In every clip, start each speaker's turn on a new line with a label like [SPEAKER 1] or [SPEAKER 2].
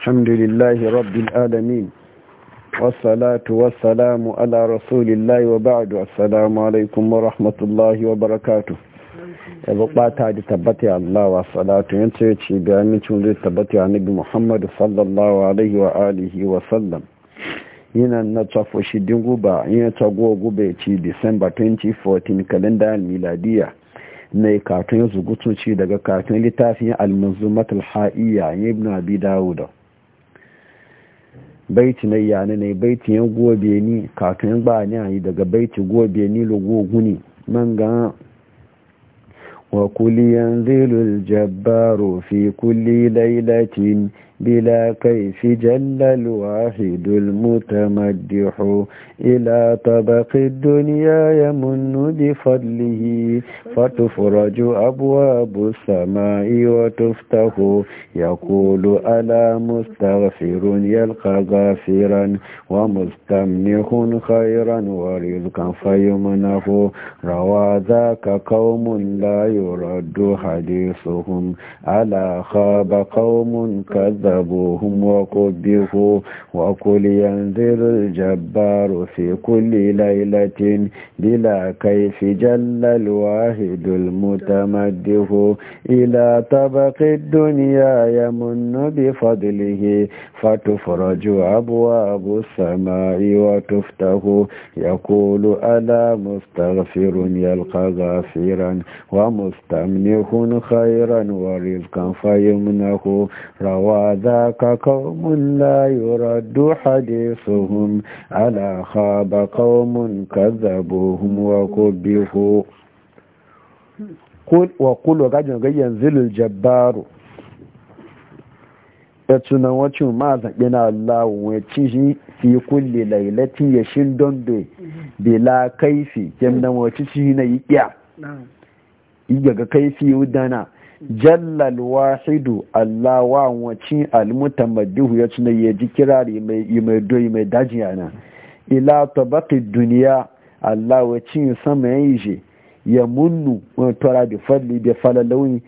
[SPEAKER 1] الحمد لله رب العالمين والصلاة والسلام على رسول الله وبعد السلام عليكم ورحمة الله وبركاته يبقى تبتي الله والصلاة ينتهي بأمين تنزل تبتي عن نبي محمد صلى الله عليه وآله وسلم yana na tsafo shidin guba yana tsago ya ci disamba 2014 kalendar miladiya na katun yanzu zugutunci daga kafin littafin al-manzumat al-ha'iyya ibn abi Dawud. baiti na yana ne baiti yan gobe ni kakan ba ni ayi daga baiti gobe ni lugu guni man ga wa kulli yanzilu jabbaru fi kulli laylatin بلا كيف جل الواحد المتمدح إلى طبق الدنيا يمن بفضله فتفرج أبواب السماء وتفتح يقول ألا مستغفر يلقى غافرا ومستمنح خيرا ورزقا فيمنه روى ذاك قوم لا يرد حديثهم ألا خاب قوم كذا فكذبوهم وكبهوا وقل ينذر الجبار في كل ليلة بلا كيف جل الواحد المتمده إلى طبق الدنيا يمن بفضله فتفرج أبواب السماء وتفته يقول ألا مستغفر يلقى غافرا ومستمنح خيرا ورزقا فيمنه روى فذاك قوم لا يرد حديثهم على خاب قوم كذبوهم وكبحوا قل وقل وقاجن ينزل الجبار yatsunan wacin ma zaɓi na Allah wacin shi kulle lailatin ya shin don be bila kaifi kemna wacin shi na yi ƙiya yi ga kaifi dana? jallal wahidu Allah wa wace almutamaddihu ya tuna ya ji kirari mai mai doyi mai daji yana ila tabaqi duniya Allah cin sama yayi shi ya munnu wa tara bi fadli bi falalawi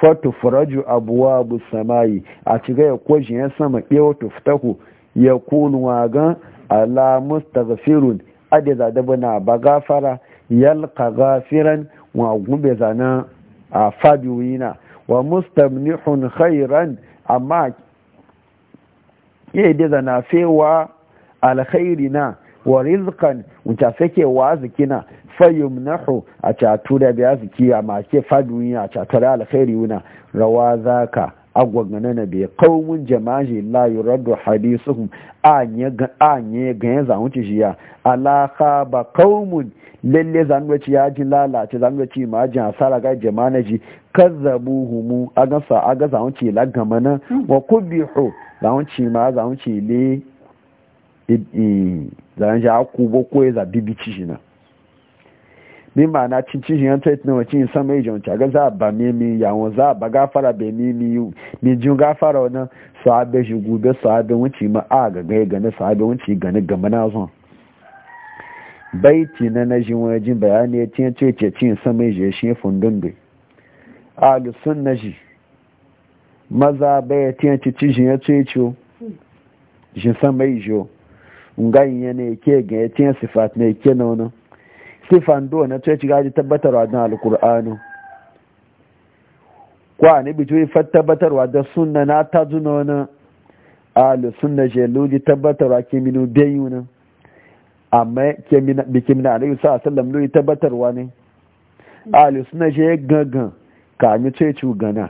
[SPEAKER 1] fatu faraju abwabu samai a ciga ya kwashi ya sama ɗewa tuftahu ya kunu wagan ala mustaghfirun ade dabana bagafara yalqa ghafiran wa gumbe zana a fabiwina wa mustamnihun khairan amma ke da zana fewa alkhairina wa rizqan wuta sake wa zikina fayumnahu a catu da biya ziki amma ke fabiwina a catu da alkhairi rawa zaka agwagana na bai kawun jama'i la yuraddu hadisuhum anye ga anye ga yanzu ya alaka ba kawun lalle zanwaci ya ji lalace zanwaci ma ji hasara ga jama'a ji kazzabu humu aga sa aga ga zanwaci lagama nan wa kubihu zanwaci ma zanwaci le zan zanwaci a bo ko za zabi bici shi na min ma na cin cin yan tait na wacin san mai jon ta ga za ba me mi won za ba ga fara be mi mi mi ga fara wannan sahabe shi gobe sahabe wuci ma a ga ga ga na sahabe wuci ga na gama na zon baiti na najin wajin bayani ya cin ce ce cin sama je shi fundun bai alusun naji maza bai ce ce ci shi ya ce ce shi sama ijo ngayin ya ne ke ga ya ce sifat ne ke na wani sifan do na ce ci gaji tabbatarwa don alkur'anu kwa ne bito yi tabbatarwa da sunna na ta zuna wani alusun na tabbatar tabbatarwa ke minu biyu nan amma bikin na alaihi sa sallam lo tabbatarwa ne hmm. ahli sunna je gangan ka mi ce ci gana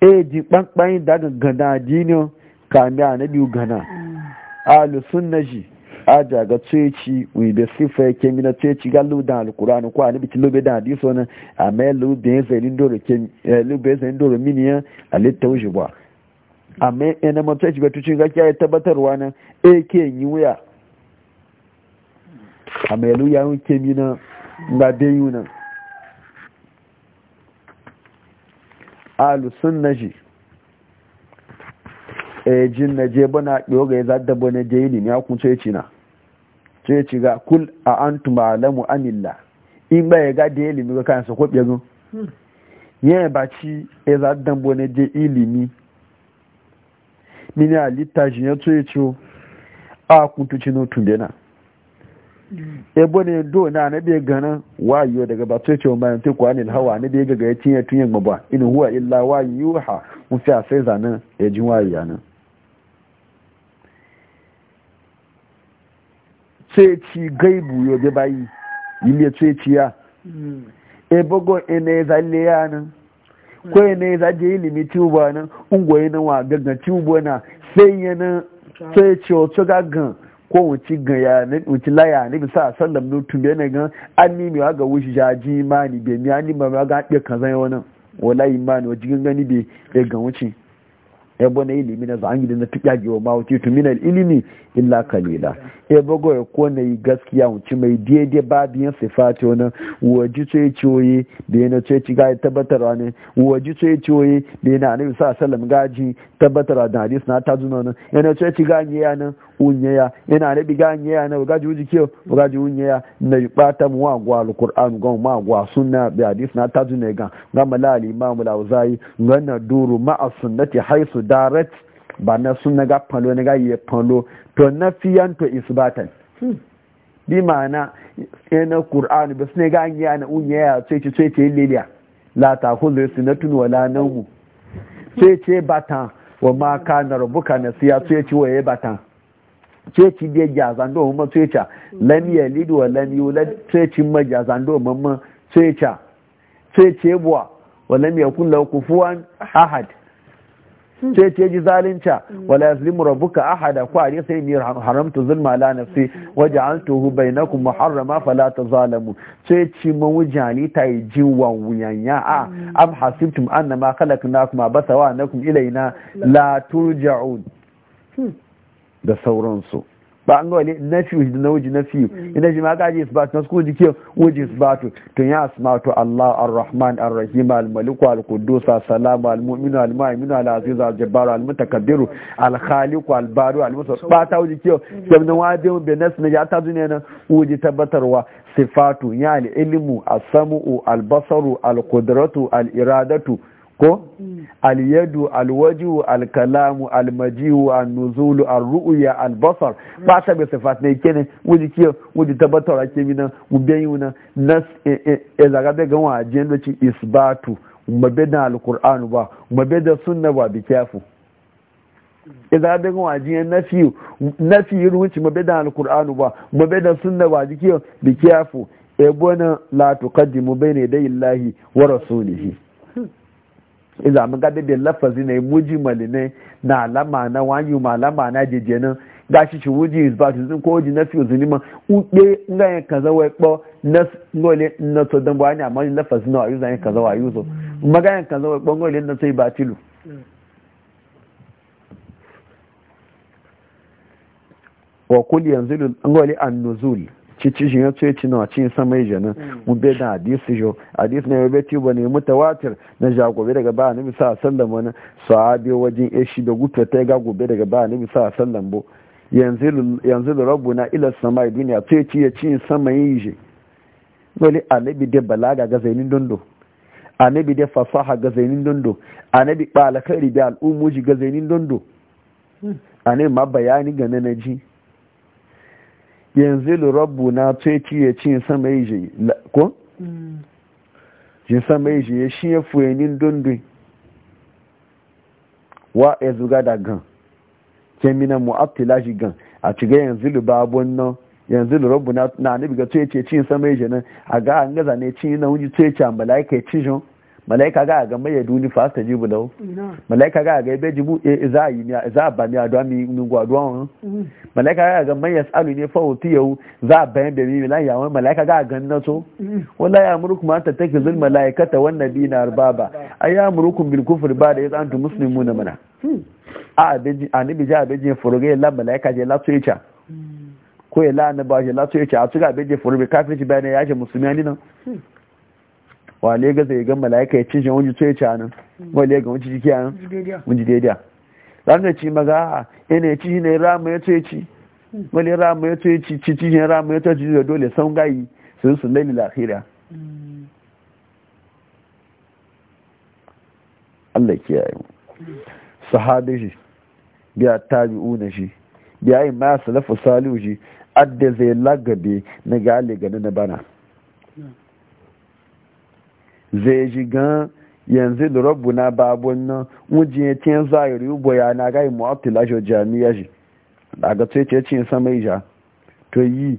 [SPEAKER 1] e ji pankpan da gana dinin ka mi anabi gana hmm. ahli sunna ji aja ga ceci wi be sifa mina ceci ga lu da alquran ko ani bi tilobe dan na amma lu be zelin doro ke e, lu be amma ina mo ceci ga tucin ga a ya luya yawon kemi na yi yunan alusun na ji e, jin na je bana ɗiyo ga ya zaɗa bane je yi limi akun ceci na ceci ga kul a an tuma alamu anilla in ba ya gaɗe ya limi ga kayansa ko ɓegun yin ba ci ya zaɗa bane je ilimi mini alita littashi ya ci a kuntuci no tumbena ebo na do na na be wayo daga ba to ce bayan te kwani hawa ne be gaga yacin ya tunyin mabwa in huwa illa wayuha mun fi sai zanan ya jin wayo yana sai ci gaibu yo be bayi yile sai ci ya ebo go ya zalle yana ko ene zaje ilimi tuba nan na nan wa gaga tuba na sai yana sai ci o to gagan ko wuci gaya ne wuci laya ne bisa sallam no tumbe ne gan an ni mi ga wuci jaji imani be mi ani ma ga de kan zan wannan wala imani waji gan gani be ga gan wuci e bona ilimi na zan gidan na tuya giwa ma wuci to min ilimi illa kalila e bogo ko ko ne gaskiya wuci mai daidai biyan sifati wannan waji sai ciwoye da yana ce ci ga tabbatarwa ne waji sai ciwoye da yana annabi sallam gaji tabbatarwa da hadis na ta zuna nan yana ce ci ga ya yana unyaya ina ne biga ya na gaji juji kiyo gaji unyeya na yi bata mu wagu al'kur'an ga mu agwa sunna bi hadis na ta ne ga ga malal mu al ga na duru ma sunnati haisu darat ba na sunna ga palo ne ga ye palo to fiyan to isbatan hmm. bi ma'ana ina e qur'an bas ne ga ya na unyaya sai ci sai ci liliya la ta kullu sunnatun wala nawmu sai ce bata wa ma kana rubuka nasiya sai ce waye bata ceci jazan do ma ceca lam yalid wa lam yulad ceci ma gyazando ma ma ceca cece buwa wa lam yakun lahu kufuwan ahad cece ji zalunta wala yazlimu rabbuka ahada ko ari sai ni haramtu zulma la nafsi ja'altuhu bainakum muharrama fala tazalamu cece ma wujani ta yi wa wuyanya a am hasibtum annama khalaqnakum abatha wa annakum ilayna la turja'un da sauransu ba an gawa na fi da na wuji na fi ina ji ma gaji isbatu na suku jike wuji isbatu tun ya asmatu Allah ar-Rahman ar-Rahim al-Malik al-Quddus as-Salam al-Mu'min al-Mu'min al-Aziz al-Jabbar al-Mutakabbiru al-Khaliq al-Bari al-Musawwir ba ta wuji ke sai nan wa da be nas na ya ta zune na wuji tabbatarwa sifatu ya al-ilmu as-sam'u al-basaru al-qudratu al-iradatu al ilmu as samu al basaru al qudratu al iradatu ko mm. aliyadu alwaju alkalamu almajiu annuzulu alru'ya albasar mm. ba ta bi sifat ne kene wuji kiyo wuji tabbatar ke mina mu bayu na nas e, e, e zaga be gan wa ajendo ci isbatu mabe da alqur'anu ba mabe da sunna ba bi kafu e zaga be gan waje nafi nafi ruci mabe da alqur'anu ba mabe da sunna ba bi bi kafu e bona la tuqaddimu bayna yadayi llahi wa rasulihi iza mun ga da lafazi ne mujimali ne na alama na wani ma alama na jeje nan gashi shi wuji is ba tuzin ko wuji nafi uzuni ma uɗe nga yin kaza wai kpo na ngole na to dan bwani amma yin lafazi na wayu zan kaza wayu so maga yin kaza wa kpo ngole na to ibatilu wa kuli yanzilu ngole an nuzul ci cicin ya tsaye ci na cin samai ije mu mm. mun bai da hadisi jo hadisi na yabe ci ne mutawatir na jagobe daga ba nabi bisa sallam wani sahabi wajen eshi da gutu ta ga gobe daga ba nabi bisa sallam bo yanzu da rabbuna ila samai duniya ce ci ya cin sama ije wani annabi da balaga ga zainin dondo anabi da fasaha ga zainin dondo annabi balakari da al'ummuji ga zainin dondo mm. annabi ma bayani ga nanaji yanzu rabbu na tsoci ya ci sama yi shi ko? Mm. sama yi shi ya shi ya fuyenin dundun wa ya zuga da gan kemina mu'abtila shi gan a ciga yanzu babon nan yanzu rabbu na nanibiga ga tsoci ya cin sama yi shi nan a ga an gaza ne yi na wuji tsoci a mala'ika ya ci shi malaika ga ga mai duni fa ta jibu law malaika ga ga be jibu e, e za yi ya za ba mi adwa mi mi gwa adwa mm. malaika ga ga mai yasalu ne fa wuti yau za ba be mi la ya won malaika ga ga na so mm. wala ya amurkum an tatakizul malaikata wan nabina arbaba aya amurkum bil kufr ba da yasa antum muslimuna mana hmm. a ani bi ja ji furuge la malaika je la tuicha hmm. ko ya la na ba je la tuicha a tuga ji furuge kafirci bayan ya je ani na hmm. wale ga zai ga mala'ika ya mm. ci shi wani tsoye ci nan wale ga wani ciki nan wani daidai ranar ci maza yana ya ci shi ne rama ya tsoye ci mm. wale rama ya tsoye ci ci ci shi rama ya tsoye ci da dole san gayi sun sun laili lahira mm. Allah kiyaye mu sahabi shi biya una shi biya yi ma salafu salihu shi adda zai lagabe na gali gani na bana zai ji gan yanzu da rabu na babon nan wujin wujiye tiyan zahiri ubo ya na gai mu'abtila jo jami'a ji daga sai ce cin sama ija to yi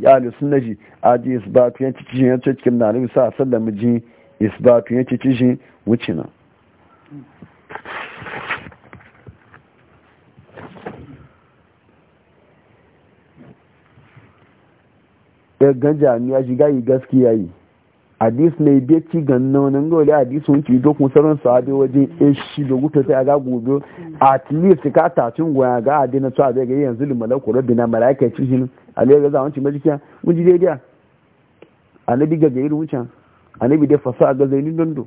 [SPEAKER 1] ya ahli sunna ji aji isbatu yan cikin yan cikin na nabi sa sallama ji isbatu yan cikin wuce nan gangan eh, jami'a shiga yi gaskiya yi hadis mai beci ganna wani ga wani hadis wani ci dokun sauran sahabi waje ya eh, shi da wuta sai ga gobe at least ka tacin goya ga adina to zai ga yanzu limalar ku rabbi na malaika ci shi alai ga zawanci majikiya mun ji daidai anabi ga gairu wucin anabi da fasa ga zaini dondo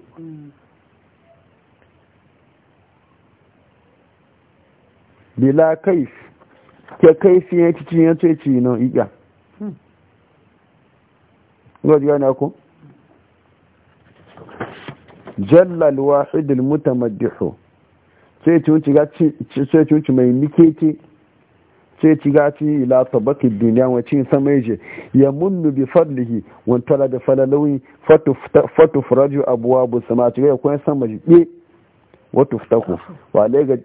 [SPEAKER 1] bila kaif ke kaifin ya ci cin ya ce ci na iya. Hmm. Gwaji na ko? jallal wahidul mutamaddihu sai ci wuce mai nikeci sai ci gaci ila tabaki duniya wacce sama yaje ya munnu bi fadlihi wan tala da falalawi fatu furaju abuwa bu sama ci ga kun sama ji be wato ftaku wa lega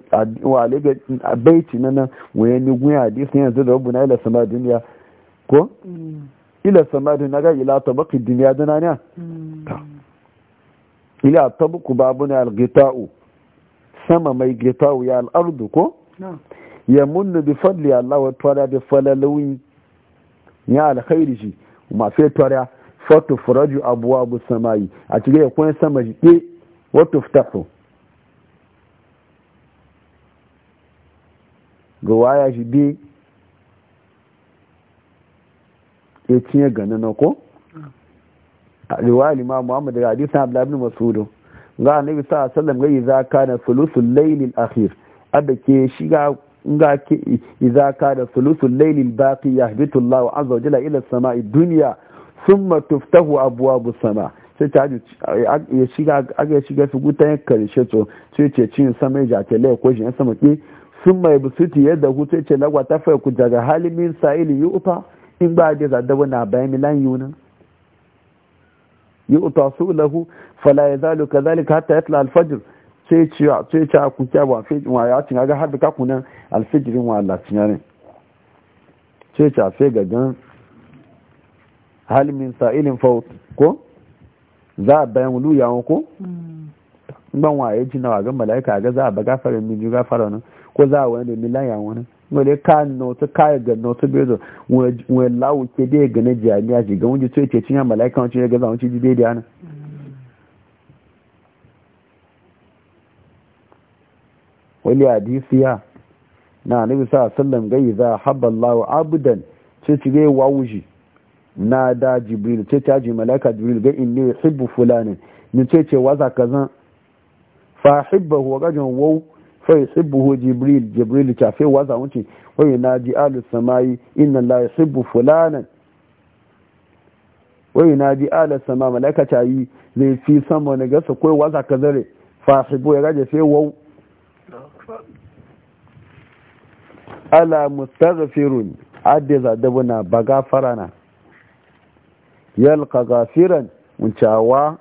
[SPEAKER 1] baiti nan waye ni gun hadisi yanzu da rabbuna ila sama duniya ko ila sama duniya ga ila tabaki duniya dana ne ila tabuku babuna al-gita'u sama mai gita'u ya al-ardu ko ya munnu bi fadli Allah wa tawala bi falalawin ya alkhairi shi ma sai tawara fatu furaju abwabu samai a cikin ya kun sama shi ke wa ga waya shi bi ya cinye ganana ko riwaya imam muhammad daga hadisin abdullahi ibn mas'ud ga annabi sallallahu alaihi wasallam ga idza kana na layl al akhir adda ke shiga ga ke idza kana thuluthul layl al baqi yahbitu allah azza wa jalla ila samai dunya thumma tuftahu abwabu as-sama' sai ta ya shiga aka shiga su gutan karshe to sai ce cin sama ya jace lai ko shi sama ke sun mai busuti yadda ku sai ce lagwa ta fa ku daga halimin sa'ili ufa? in ba da zaddabu na bayan milan yunan yu'ta sulahu fala yazalu kadhalika hatta yatla al-fajr sai ce sai ce kya ba fe wa ya ga har da kakunan al-fajr wa Allah tinyare sai ce fe gagan hal min sa'ilin faut ko za a bayan wulu yawon ko ban waye jina wa ga mala'ika ga za a ba gafarin min ju gafara nan ko za a wani da milan wani. wani ka na ka kayan ga na bezo wani lawo ke da ya gane jami'a shi ga wani tsoye ce cin ya mala'ika wancin ya gaza wancin jibe da yana wani ya na nabi sa sallam gai za habba abudan ce ci gai wawuji na da jibril ce ta ji mala'ika jibril ga in ne hibbu fulani ni ce ce waza kazan fa hibba wa gajin wawu fa yusibbuhu jibril jibril ta fe waza wuce wa yunaji alu samai inna la yusibbu fulanan wa yunaji alu sama malaika ta yi zai fi sama ne gasa koi waza ka zare fa sibu ya gaje fe wau ala mustaghfirun adda zadabuna baga farana. yalqa gafiran muncawa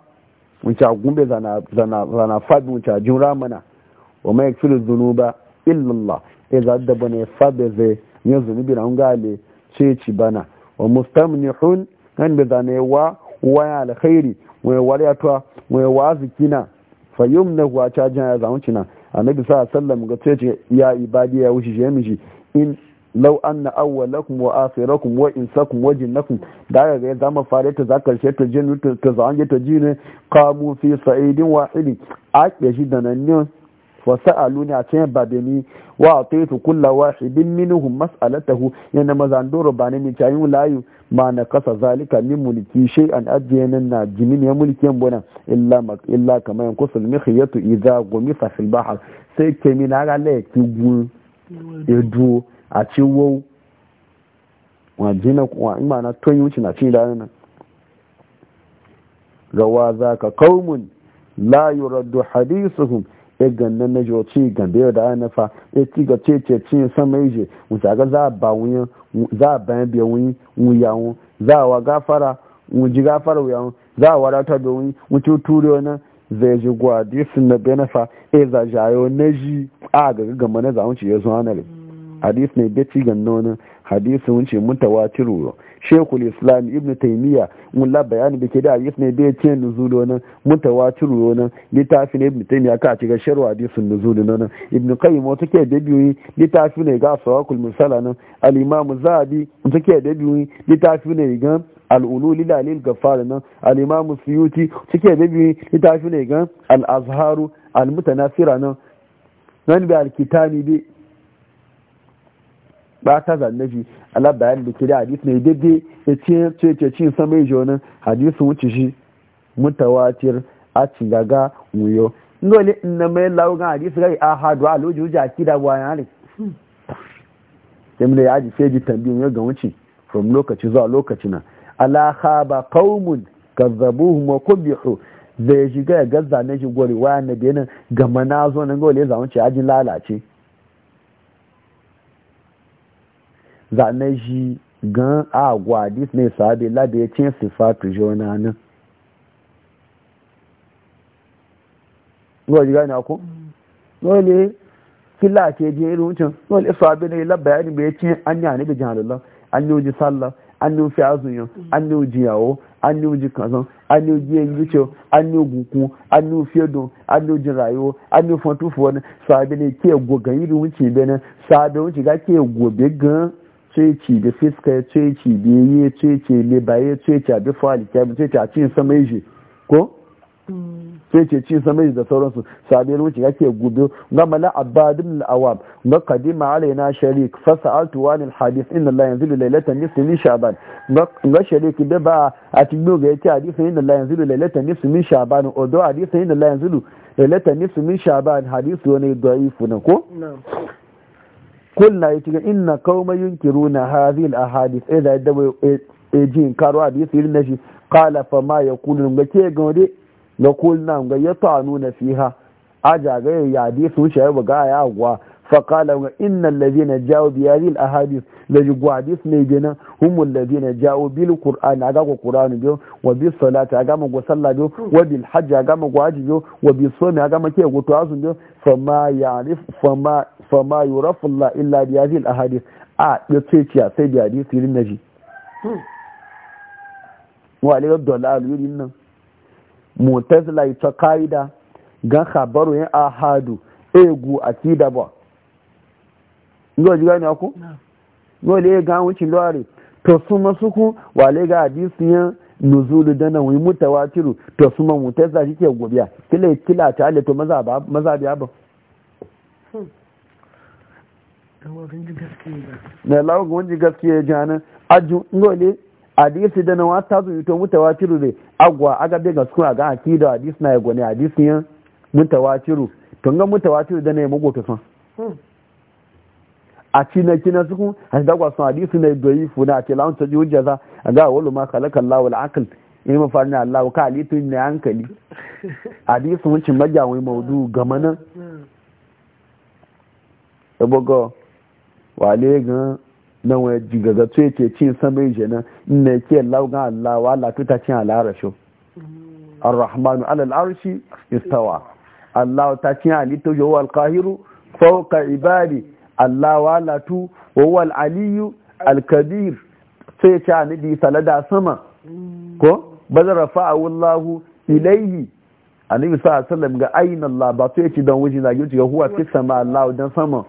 [SPEAKER 1] munca gumbe zana zana zana fadi munca jin ramana wa mai yaghfiru dhunuba illa Allah e za da bane fabe ze ne zunubi na ngale ce ci bana wa mustamnihun kan be zane wa wa ya alkhairi wa wariyatwa wa wazikina fayumna wa ta jan ya zamucina annabi sa sallam ga ce ya ibadi ya wuce je miji in law anna awwalakum wa akhirakum wa insakum wa jinnakum da ga ya zama fare ta zakar she ta jin ta zanje ta jine qamu fi sa'idin wahidi a ke shi da nan ne fasa'aluni a cikin babini wa a taitu kulla wahidin minhum mas'alatahu yana mazandoro ba ne mai cayin layu ma na kasa zalika min mulki shay an ajiyanin na jinin ya mulki yan bonan illa illa kamar yan kusul mihiyatu idza gumisa fil bahr sai kemi na gale ki gu edu a ci wo wa jina wa imana ton yuci na cin da nan gawa zaka qaumun la yuraddu hadithuhum egan nan na joci gan da da na fa e ti ce sama mu ga za ba wuya za ba biya wuyi ya za wa gafara mu ji za wa rata ji gwa na benafa e za jayo na ji a ga ga na za na hadis ne gaci ganna wani hadisin wuce mutawatiru shekul islam ibn taymiya mulla bayani da ke da hadis ne da ya ce nuzulu wani mutawatiru wani littafi ne ibn taymiya ka ci ga sharu hadisin nuzulu wani ibn qayyim wata ke da biyu littafi ne ga sawakul musala nan al-imam zahabi wata ke da biyu littafi ne ga al'ululi da alil gafara nan al'imamu suyuti suke bibi littafi ne gan al'azharu al-mutanasira nan nan bi alkitani bi bata ta zanne Allah bayan da kira hadisi ne daidai ya ce ce ce cin sama yi jonin wuce shi mutawatir a gaga wuyo ngole na mai laugan hadisi gai a hadu a lojo ji a kida bayan ne yamma ya ji sai ji tambayin ya ga wuce from lokaci zuwa lokaci na ala khaba qaumun kazzabuhum wa kubihu zai shiga ya gazza na shi gori na da nan na zo nan gole ya zamu ce ajin lalace zane shi gan agwa dis ne sahabi labe ya cin sifatu jona nan gwaji gani ako n'ole kila ke je irin wucin dole sahabi ne la bayani bai cin an yi anibi jihalala an yi uji sallah an yi ufi azunyan an yi uji yawo an yi uji kazan an yi uji yin wuce an yi gukun an yi ufi edon an yi uji rayuwa an yi fantufu wani sahabi ne ke gogan irin wuce bene sahabi wuce ga ke gobe gan ceci da fiska ya ceci da ya yi ceci ne ba ya ceci a bi fali ya bi ceci a cin sama yi ko ceci cin sama yi da sauransu sabi ruci ke gudu ga mala abadun al'awam ga kadima alaina sharik fasa altuwan alhadis inna layan yanzu lailatan nisu min shaban ga sharik da ba a cikin ga yake hadisin inna layan yanzu lailatan nisu min shaban odo hadisin inna layan yanzu lailatan nisu min shaban hadisi wani da'ifu na ko kulla ya ci inna kauma yunkiru na hazi a hadis ɗaya da yadda ya ji karo hadisi irin na shi kala fa ma ya kulu ga ke gaure ga kulna ga ya tanu na fiha a jagaye ya sun shayar ba buga ya agwa فقال وإن الذين جاءوا بهذه الأحاديث الذي قعدت نيجنا هم الذين جاءوا بالقرآن أقام القرآن بيو وبالصلاة أقام وصلى بيو وبالحج أقام وعج بيو وبالصوم أقام كي وتعاصم بيو فما يعرف فما فما يعرف الله إلا بهذه الأحاديث آه يتشيشيا سيدي حديث للنجي وعليه الضلال يرينا متزلا يتقايدا gan khabaru yin ahadu egu akida ba ngo ji gani ku ngo le ga wuci lori to su masuku wa le ga hadisi ya nuzulu dana wi mutawatiru to su ma mutaza shi ke gobiya kila kila ta ale to maza ba maza biya ba hmm. na lawo ga wani gaskiya jana aju ngo le hadisi dana wa ta zu to mutawatiru ne agwa aga be ga su aga akida hadisi na ya gone hadisi ya mutawatiru to ga mutawatiru dana ya mugo to san a cina kina suku a da kwa sun hadisi na doyi funa a tilawan ta jiwu jaza a ga wani ma kalakan lawal akal in ma farin Allah ka halittu ne hankali hadisi wucin wani maudu gama nan da bugo wale gan na wani jigaga tsoye ce cin sama yi jana ina ke laugan Allah wa Allah tuta cin alarasho الرحمن على العرش استوى الله تعالى لتجوه القاهر فوق عبادي Allah walatu wa wal aliyu Alkabir sai ce di salada sama ko bazan a wallahu ilaihi annabi sa sallam ga ayin Allah ba sai ce dan wuce zagi ga huwa fi sama Allah dan sama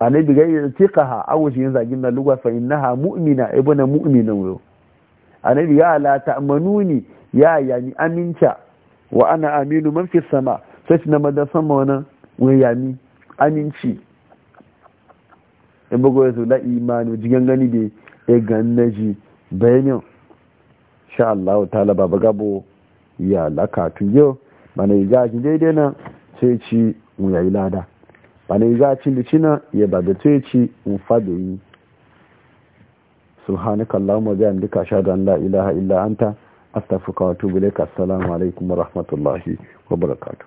[SPEAKER 1] annabi ga yi tiqaha a wuce zagin na lugwa fa innaha mu'mina ibnu mu'mina wa annabi ya la ta'manuni ya yani aminta wa ana aminu man fi sama sai na madan sama wannan weyami aminci ya bugu ya zula imanu jigan gani da ya ganna ji bayanin sha Allah ta'ala baba gabo ya lakatu yau bana yi gajin daidai na sai ci mu yayi lada bana yi gajin da cina ya ba da sai ci mu fada yi subhanakallahumma bihamdika ashhadu an la ilaha illa anta astaghfiruka wa atubu ilaik assalamu alaikum wa rahmatullahi wa barakatu